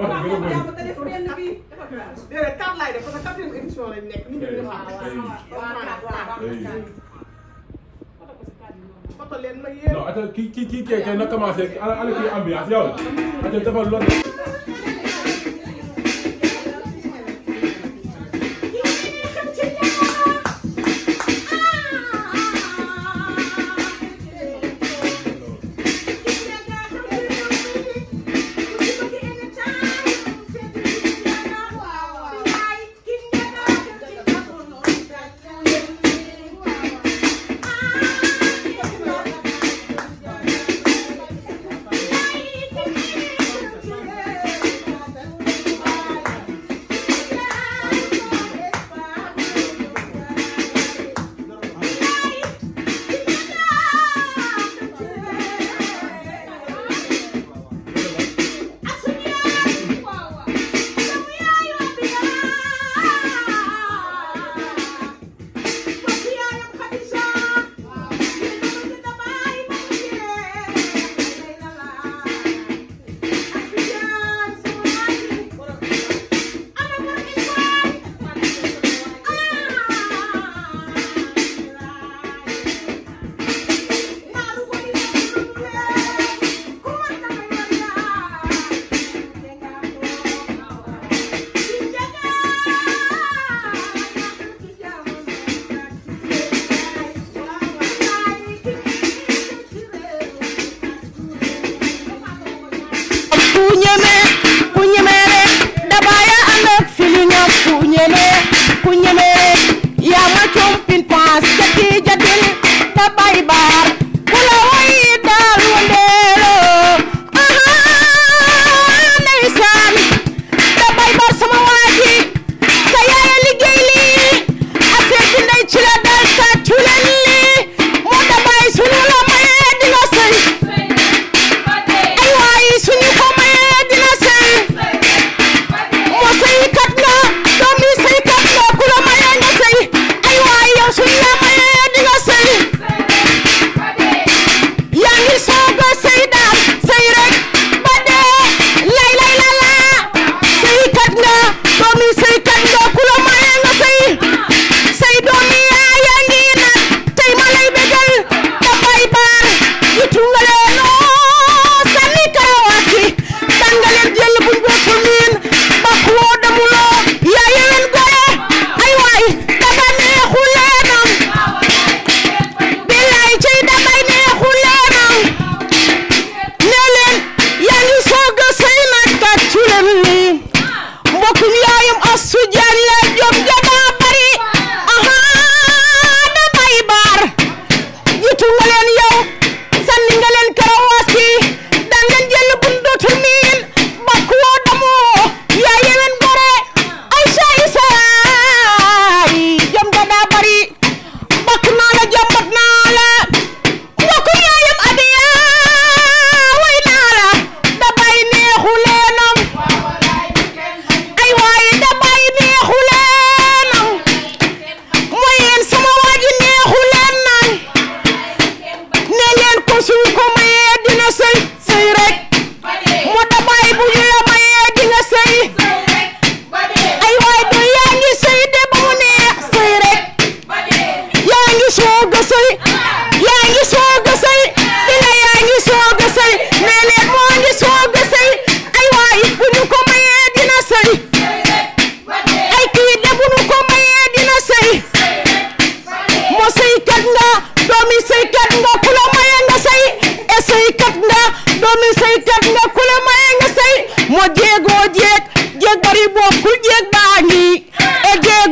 te def benn bi déedéet quatre laay def parce que quatrième édition lañ nekk nit ñi di waaw leen ma yéen non ata ki ki ki kee kay na commencé ala ala kii ambiance yow ata dafa lor ki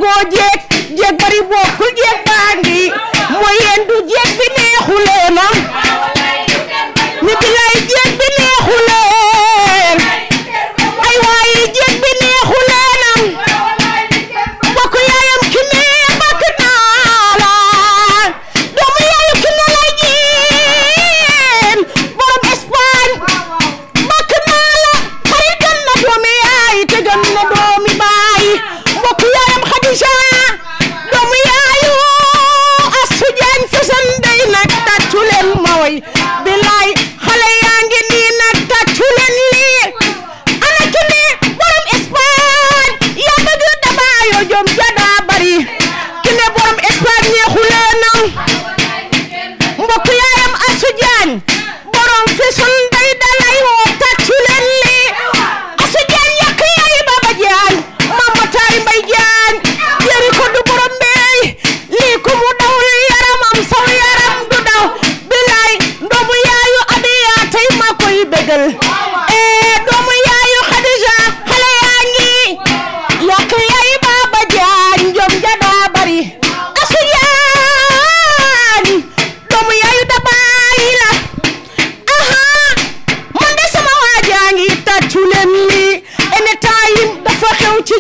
jéegoo jéeg jéeg bari bokkul jéeg baa ngi mooy yendu jéeg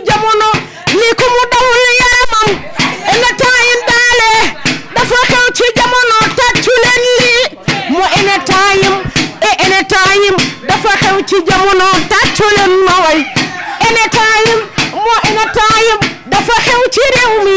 jamono lii ku mu dawul yaramam énétat yi daale dafa kaw ci jamono tàccu lii mu énétat yim e énétat yim dafa kaw ci jamono tàccu ma way énétat yim mu énétat yim dafa xew ci réew